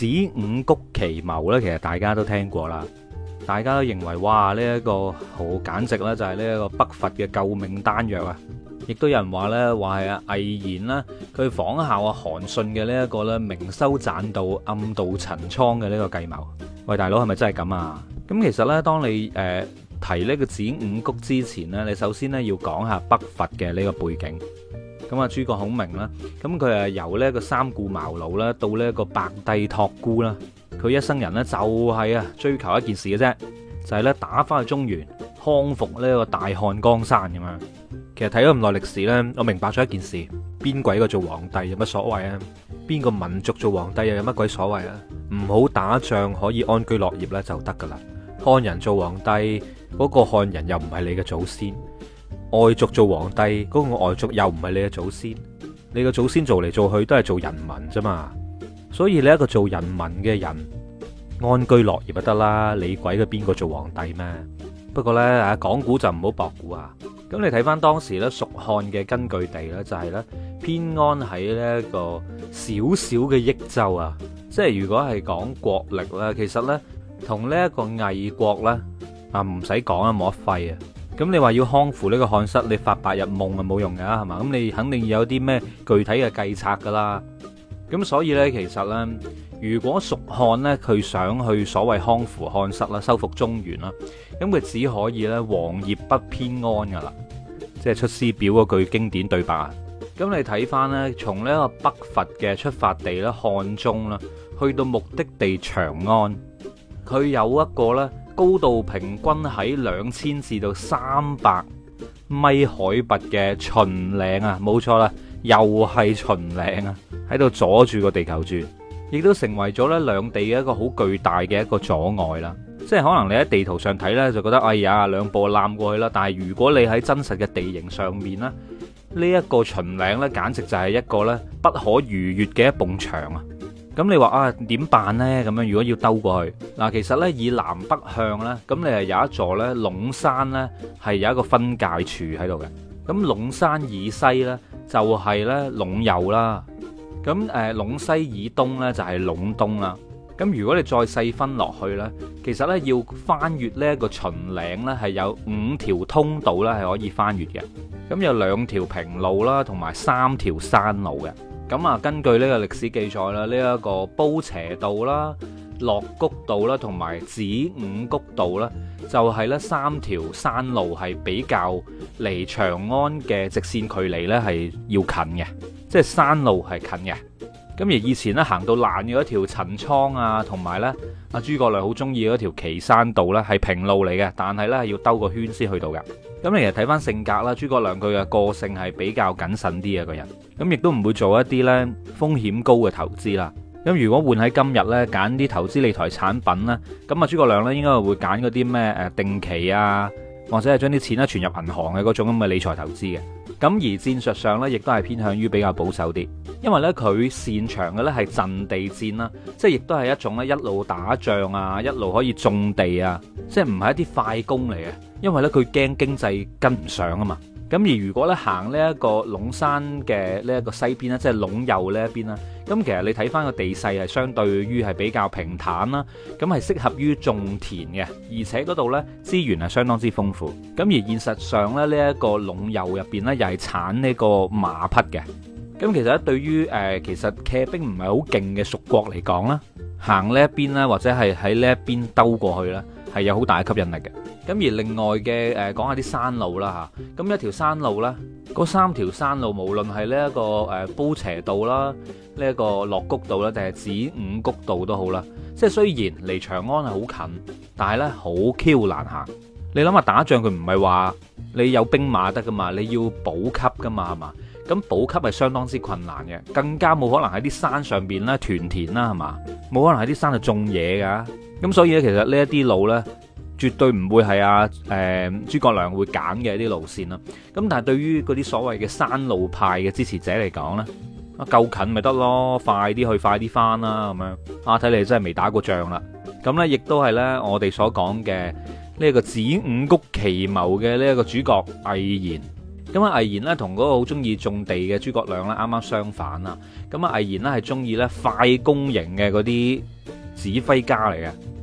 子午谷奇謀咧，其實大家都聽過啦，大家都認為哇，呢、這、一個好簡直啦，就係呢一個北伐嘅救命丹藥啊！亦都有人話咧，話係啊魏延啦，佢仿效啊韓信嘅呢一個咧明修棧道暗度陳倉嘅呢個計謀。喂，大佬係咪真係咁啊？咁其實咧，當你誒、呃、提呢個子午谷之前呢，你首先咧要講下北伐嘅呢個背景。咁啊，諸葛孔明啦，咁佢啊由呢個三顧茅廬啦，到呢個白帝託孤啦，佢一生人呢，就係啊追求一件事嘅啫，就係咧打翻去中原，康復呢個大漢江山咁樣。其實睇咗咁耐歷史呢，我明白咗一件事：邊鬼個做皇帝有乜所謂啊？邊個民族做皇帝又有乜鬼所謂啊？唔好打仗可以安居樂業咧就得噶啦。漢人做皇帝嗰個漢人又唔係你嘅祖先。外族做皇帝嗰個外族又唔係你嘅祖先，你嘅祖先做嚟做去都係做人民啫嘛，所以你一個做人民嘅人安居樂業就得啦，你鬼嘅邊個做皇帝咩？不過咧啊講古就唔好博古啊，咁你睇翻當時咧蜀漢嘅根據地咧就係咧偏安喺呢一個小小嘅益州啊，即係如果係講國力咧，其實咧同呢一個魏國咧啊唔使講啊，冇得廢啊。咁你話要康復呢個漢室，你發白日夢就冇用噶係嘛？咁你肯定要有啲咩具體嘅計策噶啦。咁所以呢，其實呢，如果蜀漢呢，佢想去所謂康復漢室啦，收復中原啦，咁佢只可以呢王業不偏安噶啦，即係出師表嗰句經典對白。咁你睇翻呢，從呢個北伐嘅出發地啦，漢中啦，去到目的地長安，佢有一個呢。高度平均喺兩千至到三百米海拔嘅秦嶺啊，冇錯啦，又係秦嶺啊，喺度阻住個地球轉，亦都成為咗咧兩地嘅一個好巨大嘅一個阻礙啦。即係可能你喺地圖上睇呢，就覺得哎呀兩步攬過去啦，但係如果你喺真實嘅地形上面呢，呢、這、一個秦嶺呢，簡直就係一個咧不可逾越嘅一埲牆啊！咁你話啊點辦呢？咁樣如果要兜過去嗱，其實呢，以南北向呢，咁你係有一座呢，隴山呢，係有一個分界處喺度嘅。咁隴山以西呢，就係、是、呢，隴右啦。咁誒隴西以東呢，就係隴東啊。咁如果你再細分落去呢，其實呢，要翻越呢一個秦嶺呢，係有五條通道呢，係可以翻越嘅。咁有兩條平路啦，同埋三條山路嘅。咁啊，根據呢個歷史記載啦，呢、這、一個褒斜道啦、駱谷道啦，同埋子午谷道啦，就係、是、呢三條山路係比較離長安嘅直線距離咧係要近嘅，即係山路係近嘅。咁而以前咧行到爛嘅一條陳倉啊，同埋咧阿諸葛亮好中意嘅條岐山道咧，係平路嚟嘅，但係咧要兜個圈先去到㗎。咁你其實睇翻性格啦，諸葛亮佢嘅個，個性係比較謹慎啲嘅個人，咁亦都唔會做一啲咧風險高嘅投資啦。咁如果換喺今日咧，揀啲投資理財產品啦，咁啊諸葛亮咧應該會揀嗰啲咩誒定期啊，或者係將啲錢咧存入銀行嘅嗰種咁嘅理財投資嘅。咁而戰術上呢，亦都係偏向於比較保守啲，因為呢，佢擅長嘅呢係陣地戰啦，即係亦都係一種呢一路打仗啊，一路可以種地啊，即係唔係一啲快攻嚟嘅，因為呢，佢驚經濟跟唔上啊嘛。咁而如果咧行呢一個隴山嘅呢一個西邊咧，即係隴右呢一邊啦。咁其實你睇翻個地勢係相對於係比較平坦啦，咁係適合於種田嘅，而且嗰度呢資源係相當之豐富。咁而現實上咧，呢一個隴右入邊呢又係產呢個馬匹嘅。咁其實咧，對於誒其實騎兵唔係好勁嘅蜀國嚟講啦，行呢一邊啦，或者係喺呢一邊兜過去咧，係有好大吸引力嘅。咁而另外嘅誒講下啲山路啦嚇，咁、啊、一條山路咧，嗰三條山路無論係呢一個誒褒、呃、斜道啦，呢、這、一個落谷道啦，定係子午谷道都好啦。即係雖然離長安係好近，但係呢好 Q 難行。你諗下打仗，佢唔係話你有兵馬得噶嘛？你要補給噶嘛？係嘛？咁補給係相當之困難嘅，更加冇可能喺啲山上邊啦，屯田啦係嘛？冇可能喺啲山度種嘢㗎。咁所以咧，其實呢一啲路呢。絕對唔會係阿誒諸葛亮會揀嘅一啲路線啦、啊。咁但係對於嗰啲所謂嘅山路派嘅支持者嚟講呢，啊，夠近咪得咯，快啲去，快啲翻啦咁樣。啊，睇嚟真係未打過仗啦。咁呢亦都係呢，我哋所講嘅呢一個子午谷奇謀嘅呢一個主角魏延。咁、嗯、啊魏延呢，同嗰個好中意種地嘅諸葛亮呢，啱啱相反啦。咁、嗯、啊魏延呢，係中意呢快攻型嘅嗰啲指揮家嚟嘅。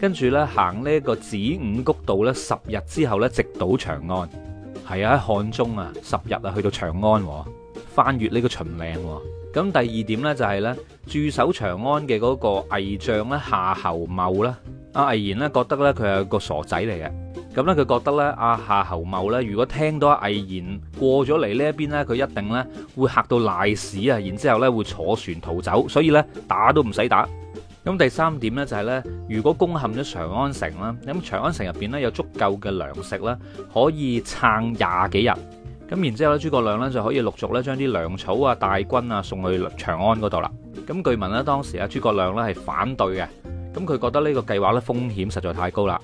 跟住咧行呢個子午谷道呢，十日之後呢，直到長安，係啊，喺漢中啊十日啊去到長安啊，翻越呢個秦嶺啊。咁第二點呢，就係、是、呢駐守長安嘅嗰個魏將咧夏侯茂啦，阿魏延呢，覺得呢，佢係個傻仔嚟嘅，咁呢佢覺得呢，阿夏侯茂呢，如果聽到阿魏延過咗嚟呢一邊呢，佢一定呢會嚇到賴屎啊，然之後咧會坐船逃走，所以呢，打都唔使打。咁第三點呢，就係呢：如果攻陷咗長安城啦，咁長安城入邊呢，有足夠嘅糧食啦，可以撐廿幾日。咁然之後呢，諸葛亮呢，就可以陸續呢將啲糧草啊、大軍啊送去長安嗰度啦。咁據聞呢，當時阿諸葛亮呢係反對嘅，咁佢覺得呢個計劃呢風險實在太高啦。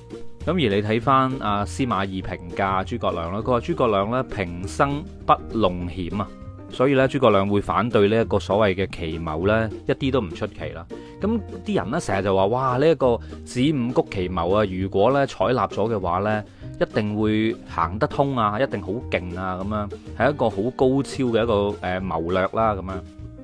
咁而你睇翻阿司馬懿評價諸葛亮咧，佢話諸葛亮呢平生不弄險啊。所以咧，諸葛亮會反對呢一個所謂嘅奇謀咧，一啲都唔出奇啦。咁啲人呢，成日就話，哇！呢一個子午谷奇謀啊，如果咧採納咗嘅話呢，一定會行得通啊，一定好勁啊，咁樣係一個好高超嘅一個誒謀略啦，咁樣。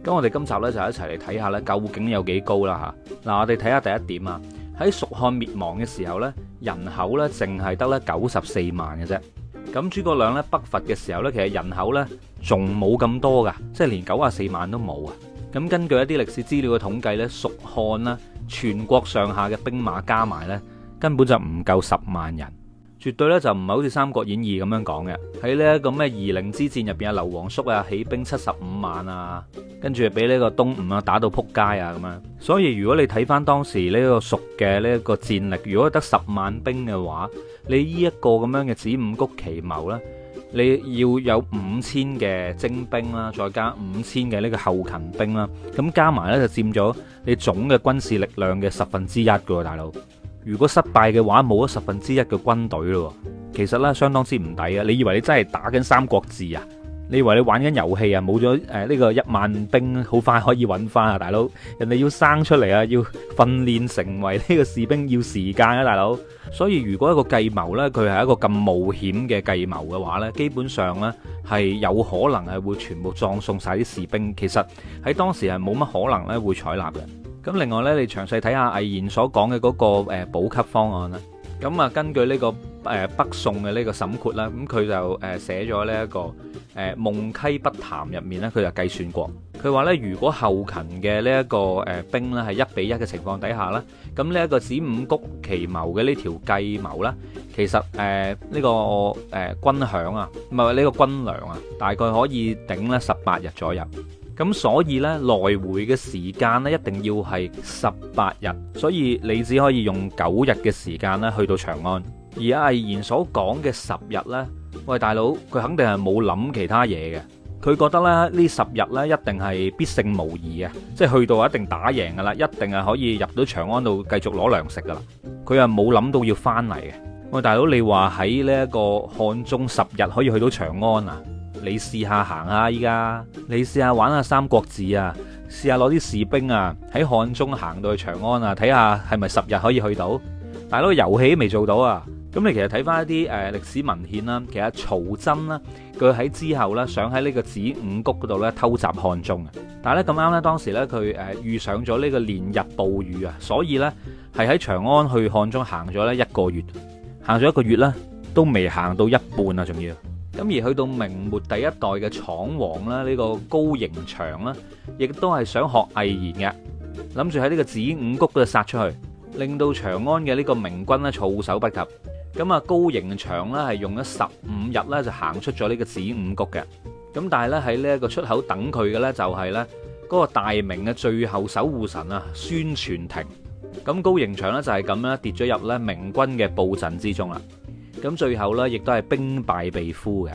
咁我哋今集呢，就一齊嚟睇下呢究竟有幾高啦嚇。嗱，我哋睇下第一點啊，喺蜀漢滅亡嘅時候呢，人口呢淨係得咧九十四萬嘅啫。咁諸葛亮呢，北伐嘅時候呢，其實人口呢……仲冇咁多噶，即係連九十四萬都冇啊！咁根據一啲歷史資料嘅統計咧，蜀漢啦全國上下嘅兵馬加埋咧，根本就唔夠十萬人，絕對呢，就唔係好似《三國演義》咁樣講嘅。喺呢一個咩夷陵之戰入邊啊，劉皇叔啊起兵七十五萬啊，跟住俾呢個東吳啊打到撲街啊咁樣。所以如果你睇翻當時呢個蜀嘅呢一個戰力，如果得十萬兵嘅話，你呢一個咁樣嘅子午谷奇謀咧，你要有五千嘅精兵啦，再加五千嘅呢個後勤兵啦，咁加埋呢就佔咗你總嘅軍事力量嘅十分之一㗎喎，大佬。如果失敗嘅話，冇咗十分之一嘅軍隊咯。其實呢，相當之唔抵呀。你以為你真係打緊《三國志》啊？你以為你玩緊遊戲啊？冇咗誒呢個一萬兵，好快可以揾翻啊，大佬！人哋要生出嚟啊，要訓練成為呢個士兵要時間啊，大佬！所以如果一個計謀咧，佢係一個咁冒險嘅計謀嘅話咧，基本上咧係有可能係會全部葬送曬啲士兵。其實喺當時係冇乜可能咧會採納嘅。咁另外咧，你詳細睇下魏延所講嘅嗰個誒補給方案啦。咁啊，根據呢個誒北宋嘅呢個沈括啦，咁佢就誒寫咗呢一個。誒夢溪筆談入面咧，佢就計算過，佢話咧，如果後勤嘅呢一個誒兵咧係一比一嘅情況底下啦，咁呢一個子午谷奇謀嘅呢條計謀咧，其實誒呢、呃這個誒軍、呃、餉啊，唔係呢個軍糧啊，大概可以頂咧十八日左右。咁所以咧，來回嘅時間咧一定要係十八日，所以你只可以用九日嘅時間咧去到長安，而阿魏延所講嘅十日咧。喂，大佬，佢肯定係冇諗其他嘢嘅，佢覺得咧呢十日咧一定係必勝無疑嘅，即係去到一定打贏噶啦，一定係可以入到長安度繼續攞糧食噶啦，佢又冇諗到要翻嚟嘅。喂，大佬，你話喺呢一個漢中十日可以去到長安啊？你試下行下依家，你試下玩下三國志啊，試下攞啲士兵啊喺漢中行到去長安啊，睇下係咪十日可以去到？大佬遊戲都未做到啊！咁你其實睇翻一啲誒歷史文獻啦，其實曹真啦，佢喺之後呢，想喺呢個子午谷嗰度呢偷襲漢中啊，但係咧咁啱呢，當時呢，佢誒遇上咗呢個連日暴雨啊，所以呢，係喺長安去漢中行咗呢一個月，行咗一個月呢都未行到一半啊，仲要咁而去到明末第一代嘅闖王啦，呢個高迎祥啦，亦都係想學魏延嘅，諗住喺呢個子午谷度殺出去，令到長安嘅呢個明軍呢措手不及。咁啊，高迎祥啦，係用咗十五日啦，就行出咗呢個子午谷嘅。咁但係咧，喺呢一個出口等佢嘅咧，就係咧嗰個大明嘅最後守護神啊，孫傳庭。咁高迎祥呢，就係咁啦，跌咗入咧明軍嘅布陣之中啦。咁最後咧，亦都係兵敗被俘嘅。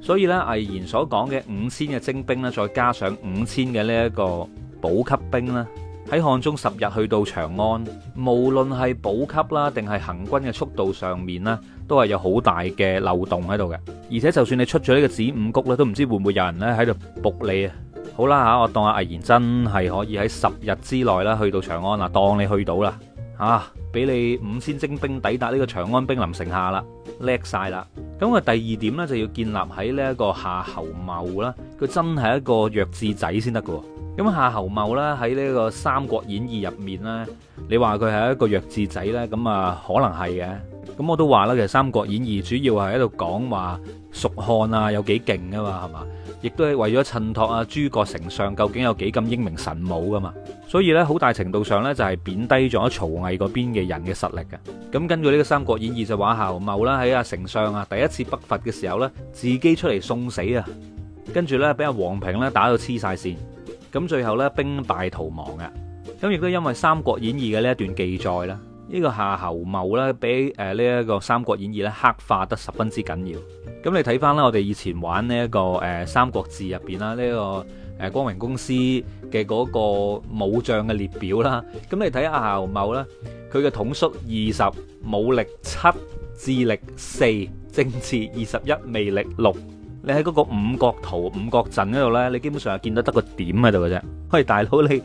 所以咧，魏延所講嘅五千嘅精兵咧，再加上五千嘅呢一個補給兵咧。喺漢中十日去到長安，無論係補給啦，定係行軍嘅速度上面呢，都係有好大嘅漏洞喺度嘅。而且就算你出咗呢個子午谷咧，都唔知會唔會有人咧喺度捕你啊！好啦嚇，我當阿魏延真係可以喺十日之內啦去到長安啦，當你去到啦嚇，俾、啊、你五千精兵抵達呢個長安，兵臨城下啦，叻晒啦！咁啊第二點呢，就要建立喺呢一個夏侯茂啦，佢真係一個弱智仔先得嘅。咁夏侯茂啦，喺呢個《三國演義》入面咧，你話佢係一個弱智仔呢？咁啊可能係嘅。咁我都話啦，其實《三國演義》主要係喺度講話蜀漢啊有幾勁噶嘛，係嘛？亦都係為咗襯托啊，諸葛丞相究竟有幾咁英明神武噶嘛？所以呢，好大程度上呢，就係貶低咗曹魏嗰邊嘅人嘅實力嘅。咁根據呢個《三國演義》就話，夏侯茂啦喺阿丞相啊第一次北伐嘅時候呢，自己出嚟送死啊，跟住呢，俾阿王平呢打到黐晒線。咁最後咧，兵敗逃亡嘅。咁亦都因為《三國演義》嘅呢一段記載啦，呢個夏侯茂咧，俾誒呢一個《三國演義》咧黑化得十分之緊要。咁你睇翻啦，我哋以前玩呢一個誒《三國志》入邊啦，呢個誒光榮公司嘅嗰個武將嘅列表啦，咁你睇下夏侯茂咧，佢嘅統率二十，武力七，智力四，政治二十一，魅力六。你喺嗰個五國圖、五國陣嗰度呢，你基本上係見得得個點喺度嘅啫。喂，大佬，你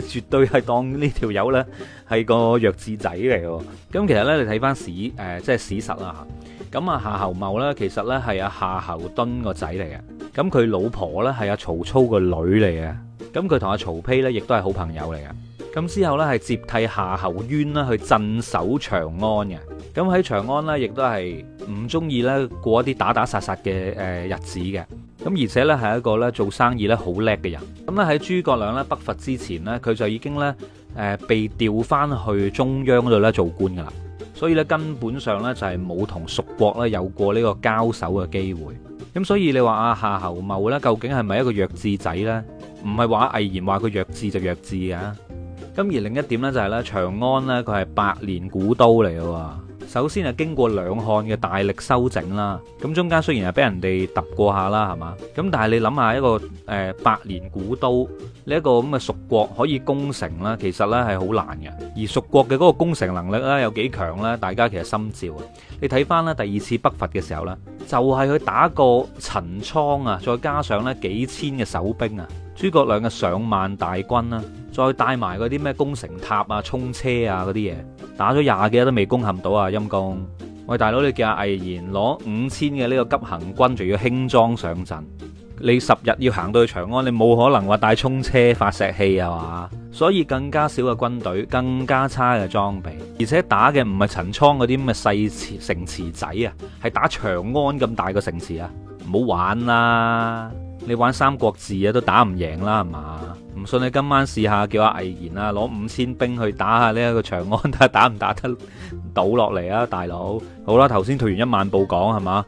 絕對係當呢條友呢係個弱智仔嚟喎。咁其實呢，你睇翻史誒、呃，即係史實啦。咁啊，夏侯茂呢，其實呢係阿夏侯惇個仔嚟嘅。咁佢老婆呢，係阿曹操個女嚟嘅。咁佢同阿曹丕呢，亦都係好朋友嚟嘅。咁之後呢，係接替夏侯淵啦去鎮守長安嘅。咁喺長安呢，亦都係唔中意咧過一啲打打殺殺嘅誒日子嘅。咁而且呢，係一個咧做生意咧好叻嘅人。咁咧喺諸葛亮咧北伐之前呢，佢就已經咧誒被調翻去中央嗰度咧做官噶啦。所以呢，根本上呢，就係冇同蜀國咧有過呢個交手嘅機會。咁所以你話啊夏侯茂咧，究竟係咪一個弱智仔呢？唔係話魏延話佢弱智就弱智噶。咁而另一點呢，就係咧長安呢，佢係百年古都嚟嘅喎。首先係經過兩漢嘅大力修整啦，咁中間雖然係俾人哋揼過下啦，係嘛，咁但係你諗下一個誒、呃、百年古都呢一個咁嘅蜀國可以攻城啦，其實呢係好難嘅，而蜀國嘅嗰個攻城能力呢，有幾強呢？大家其實心照啊。你睇翻呢第二次北伐嘅時候呢，就係、是、佢打個陳倉啊，再加上呢幾千嘅守兵啊，諸葛亮嘅上萬大軍啊，再帶埋嗰啲咩攻城塔啊、衝車啊嗰啲嘢。打咗廿幾日都未攻陷到啊！陰公，喂，大佬你叫阿魏延攞五千嘅呢個急行軍，仲要輕裝上陣。你十日要行到去長安，你冇可能話帶衝車發石器啊嘛。所以更加少嘅軍隊，更加差嘅裝備，而且打嘅唔係陳倉嗰啲咁嘅細城池仔啊，係打長安咁大個城池啊，唔好玩啦！你玩《三國志》啊都打唔贏啦，係嘛？唔信你今晚試下叫阿魏延啊，攞五千兵去打下呢一個長安，睇下打唔打得倒落嚟啊，大佬！好啦，頭先退完一萬步講係嘛？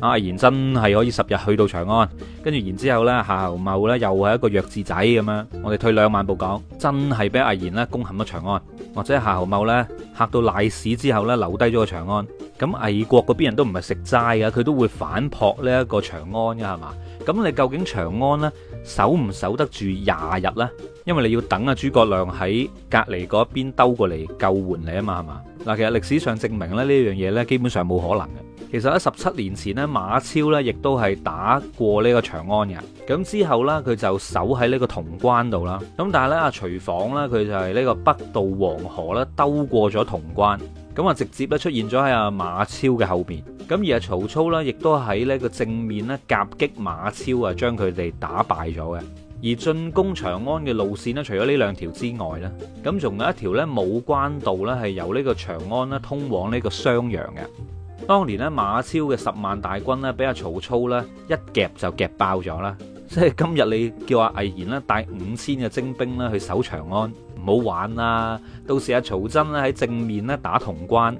阿、啊、魏延真係可以十日去到長安，跟住然之後呢，夏侯茂咧又係一個弱智仔咁樣。我哋退兩萬步講，真係俾魏延咧攻陷咗長安，或者夏侯茂咧嚇到賴屎之後咧留低咗個長安。咁魏國嗰邊人都唔係食齋嘅，佢都會反撲呢一個長安嘅係嘛？咁你究竟長安呢？守唔守得住廿日呢？因為你要等啊，諸葛亮喺隔籬嗰邊兜過嚟救援你啊嘛，係嘛？嗱，其實歷史上證明咧呢樣嘢咧，基本上冇可能嘅。其實喺十七年前咧，馬超呢亦都係打過呢個長安嘅。咁之後呢，佢就守喺呢個潼關度啦。咁但係呢，阿徐晃呢，佢就係呢個北渡黃河啦，兜過咗潼關。咁啊，直接咧出現咗喺阿馬超嘅後邊。咁而阿曹操呢，亦都喺呢個正面咧夾擊馬超啊，將佢哋打敗咗嘅。而進攻長安嘅路線咧，除咗呢兩條之外咧，咁仲有一條呢武關道呢係由呢個長安咧通往呢個襄陽嘅。當年呢，馬超嘅十萬大軍呢，俾阿曹操呢一夾就夾爆咗啦。即係今日你叫阿魏延咧帶五千嘅精兵咧去守長安。冇玩啊，到時阿曹真咧喺正面咧打潼關，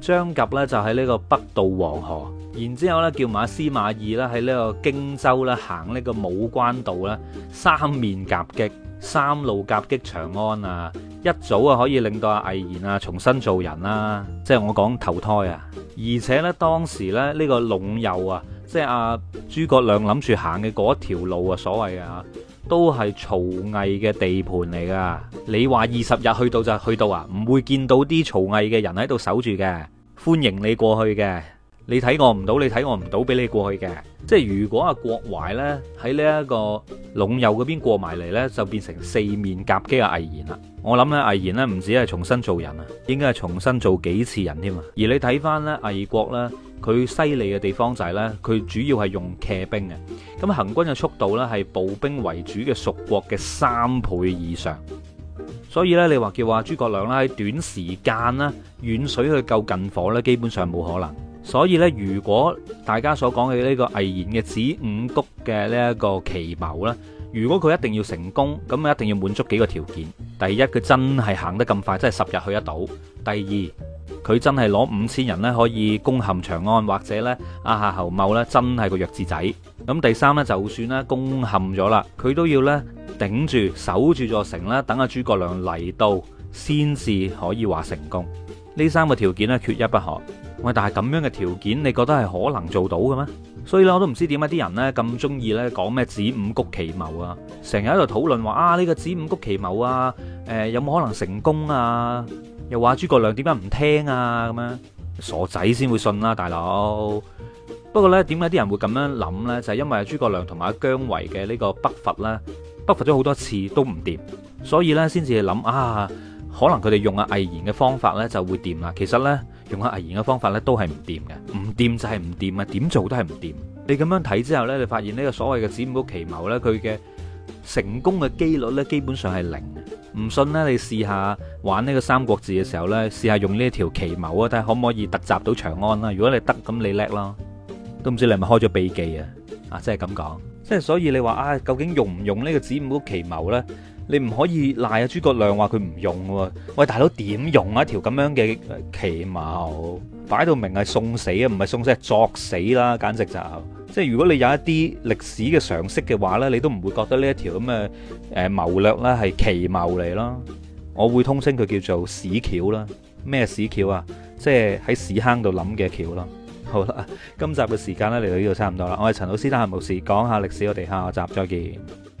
張郃咧就喺呢個北渡黃河，然之後咧叫埋阿司馬懿咧喺呢個荊州咧行呢個武關道咧，三面夾擊，三路夾擊長安啊，一早啊可以令到阿魏延啊重新做人啦，即係我講投胎啊，而且咧當時咧呢個隴右啊，即係阿諸葛亮諗住行嘅嗰一條路啊，所謂啊。都係曹魏嘅地盤嚟㗎，你話二十日去到就去到啊，唔會見到啲曹魏嘅人喺度守住嘅，歡迎你過去嘅。你睇我唔到，你睇我唔到，俾你過去嘅。即係如果阿、啊、郭淮呢喺呢一個隴右嗰邊過埋嚟呢，就變成四面夾擊嘅魏延啦。我諗呢、啊，魏延呢唔止係重新做人啊，應該係重新做幾次人添嘛。而你睇返呢魏國呢，佢犀利嘅地方就係、是、呢，佢主要係用騎兵嘅，咁行軍嘅速度呢，係步兵為主嘅蜀國嘅三倍以上，所以呢，你話叫話諸葛亮呢，喺短時間呢，遠水去救近火呢，基本上冇可能。所以咧，如果大家所講嘅呢個魏延嘅子午谷嘅呢一個奇謀咧，如果佢一定要成功，咁啊一定要滿足幾個條件。第一，佢真係行得咁快，真係十日去得到；第二，佢真係攞五千人咧可以攻陷長安，或者咧、啊、阿夏侯茂咧真係個弱智仔。咁第三咧，就算咧攻陷咗啦，佢都要咧頂住守住座城啦，等阿諸葛亮嚟到先至可以話成功。呢三個條件咧缺一不可。喂，但係咁樣嘅條件，你覺得係可能做到嘅咩？所以咧，我都唔知點解啲人呢咁中意咧講咩子午谷奇謀啊，成日喺度討論話啊呢個子午谷奇謀啊，誒、呃、有冇可能成功啊？又話諸葛亮點解唔聽啊？咁樣傻仔先會信啦、啊，大佬。不過呢，點解啲人會咁樣諗呢？就係因為諸葛亮同埋姜維嘅呢個北伐咧，北伐咗好多次都唔掂，所以呢，先至諗啊。可能佢哋用啊魏延嘅方法呢就會掂啦。其實呢，用啊魏延嘅方法呢都係唔掂嘅，唔掂就係唔掂啊！點做都係唔掂。你咁樣睇之後呢，你發現呢個所謂嘅子午谷奇謀呢，佢嘅成功嘅機率呢基本上係零。唔信呢，你試下玩呢個三國志嘅時候呢，試下用呢條奇謀啊，睇下可唔可以突襲到長安啦。如果你得咁，你叻咯。都唔知你係咪開咗秘技啊？啊，即係咁講，即係所以你話啊，究竟用唔用呢個子午谷奇謀呢？你唔可以賴啊！諸葛亮話佢唔用喎、啊，喂大佬點用啊？一條咁樣嘅奇謀，擺到明係送死啊，唔係送死，係作死啦！簡直就係、即係如果你有一啲歷史嘅常識嘅話呢，你都唔會覺得呢一條咁嘅誒謀略咧係奇謀嚟咯。我會通稱佢叫做屎橋啦，咩屎橋啊？即係喺屎坑度諗嘅橋咯。好啦，今集嘅時間咧嚟到呢度差唔多啦。我係陳老師，得閒無事講下歷史下，我哋下集再見。